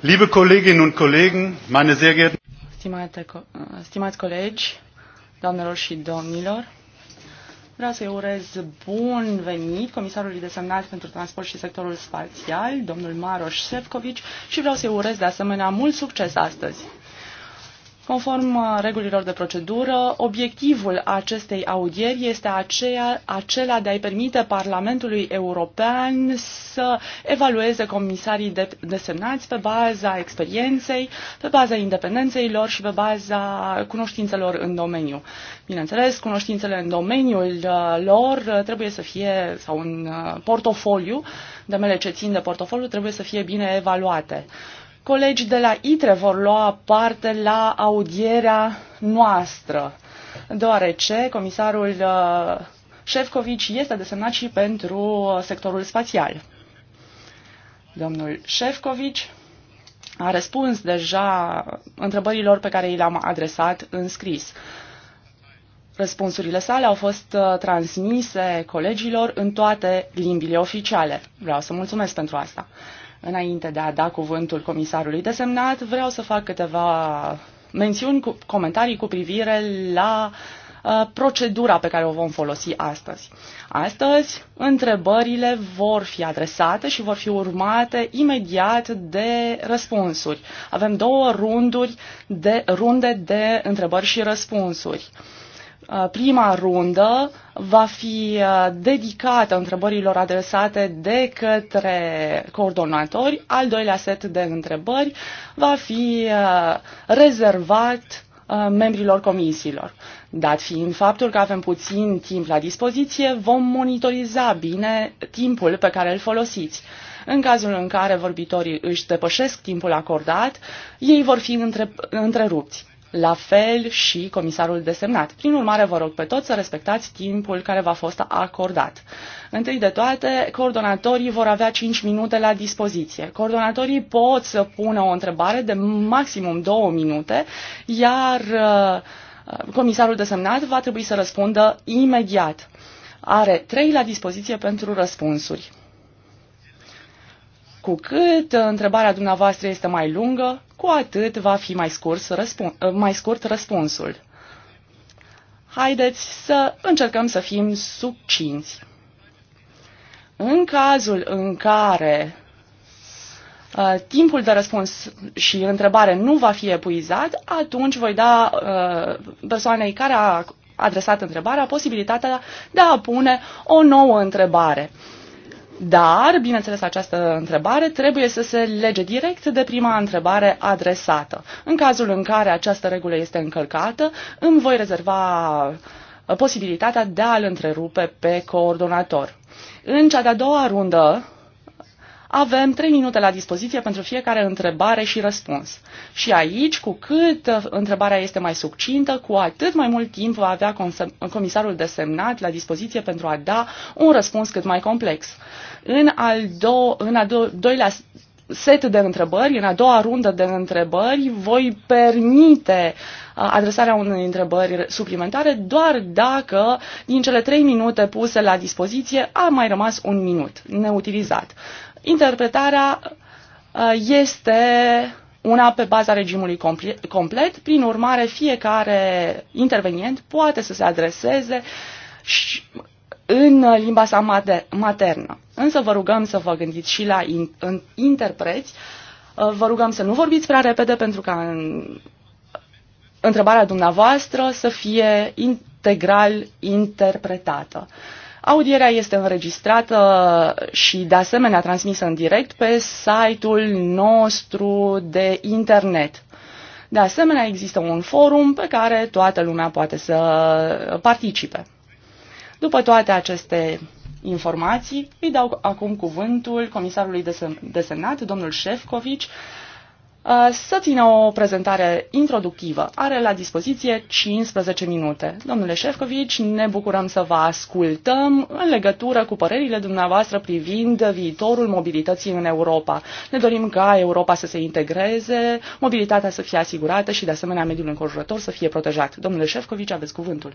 Liebe Kolleginnen und Kollegen, meine sehr geehrten Stimate, stimați colegi, doamnelor și domnilor, vreau să-i urez bun venit comisarului desemnat pentru transport și sectorul spațial, domnul Maroș Sefcovici, și vreau să-i urez de asemenea mult succes astăzi. Conform uh, regulilor de procedură, obiectivul acestei audieri este aceea, acela de a-i permite Parlamentului European să evalueze comisarii de, desemnați pe baza experienței, pe baza independenței lor și pe baza cunoștințelor în domeniu. Bineînțeles, cunoștințele în domeniul uh, lor uh, trebuie să fie, sau în portofoliu, de mele ce țin de portofoliu, trebuie să fie bine evaluate. Colegi de la ITRE vor lua parte la audierea noastră, deoarece comisarul uh, Șefcovici este desemnat și pentru uh, sectorul spațial. Domnul Șefcovici a răspuns deja întrebărilor pe care i le-am adresat în scris. Răspunsurile sale au fost uh, transmise colegilor în toate limbile oficiale. Vreau să mulțumesc pentru asta. Înainte de a da cuvântul comisarului desemnat, vreau să fac câteva mențiuni, cu, comentarii cu privire la uh, procedura pe care o vom folosi astăzi. Astăzi, întrebările vor fi adresate și vor fi urmate imediat de răspunsuri. Avem două runduri de, runde de întrebări și răspunsuri. Uh, Uh, prima rundă va fi uh, dedicată întrebărilor adresate de către coordonatori. Al doilea set de întrebări va fi uh, rezervat membrilor comisiilor. Dat fiind faptul că avem puțin timp la dispoziție, vom monitoriza bine timpul pe care îl folosiți. În cazul în care vorbitorii își depășesc timpul acordat, ei vor fi întrerupți la fel și comisarul desemnat. Prin urmare, vă rog pe toți să respectați timpul care v-a fost acordat. Întâi de toate, coordonatorii vor avea 5 minute la dispoziție. Coordonatorii pot să pună o întrebare de maximum 2 minute, iar uh, comisarul desemnat va trebui să răspundă imediat. Are 3 la dispoziție pentru răspunsuri. Cu cât uh, întrebarea dumneavoastră este mai lungă, cu atât va fi mai scurt, răspun, uh, mai scurt răspunsul. Haideți să încercăm să fim succinți. În cazul în care uh, timpul de răspuns și întrebare nu va fi epuizat, atunci voi da uh, persoanei care a adresat întrebarea posibilitatea de a pune o nouă întrebare. Uh, dar, bineînțeles, această întrebare trebuie să se lege direct de prima întrebare adresată. În cazul în care această regulă este încălcată, îmi voi rezerva uh, posibilitatea de a-l întrerupe pe coordonator. În cea de-a doua rundă avem trei minute la dispoziție pentru fiecare întrebare și răspuns. Și aici, cu cât uh, întrebarea este mai succintă, cu atât mai mult timp va avea comisarul desemnat la dispoziție pentru a da un răspuns cât mai complex. În al, do- în a do- doilea set de întrebări, în a doua rundă de întrebări, voi permite uh, adresarea unei întrebări suplimentare doar dacă din cele trei minute puse la dispoziție a mai rămas un minut neutilizat. Interpretarea uh, este una pe baza regimului complet, prin urmare fiecare intervenient poate să se adreseze și în limba sa maternă. Însă vă rugăm să vă gândiți și la in, în interpreți. Uh, vă rugăm să nu vorbiți prea repede pentru ca în, întrebarea dumneavoastră să fie integral interpretată. Audierea este înregistrată și de asemenea transmisă în direct pe site-ul nostru de internet. De asemenea, există un forum pe care toată lumea poate să participe. După toate aceste informații, îi dau acum cuvântul comisarului desemnat, domnul Șefcovici, uh, să țină o prezentare introductivă. Are la dispoziție 15 minute. Domnule Șefcovici, ne bucurăm să vă ascultăm în legătură cu părerile dumneavoastră privind viitorul mobilității în Europa. Ne dorim ca Europa să se integreze, mobilitatea să fie asigurată și, de asemenea, mediul înconjurător să fie protejat. Domnule Șefcovici, aveți cuvântul.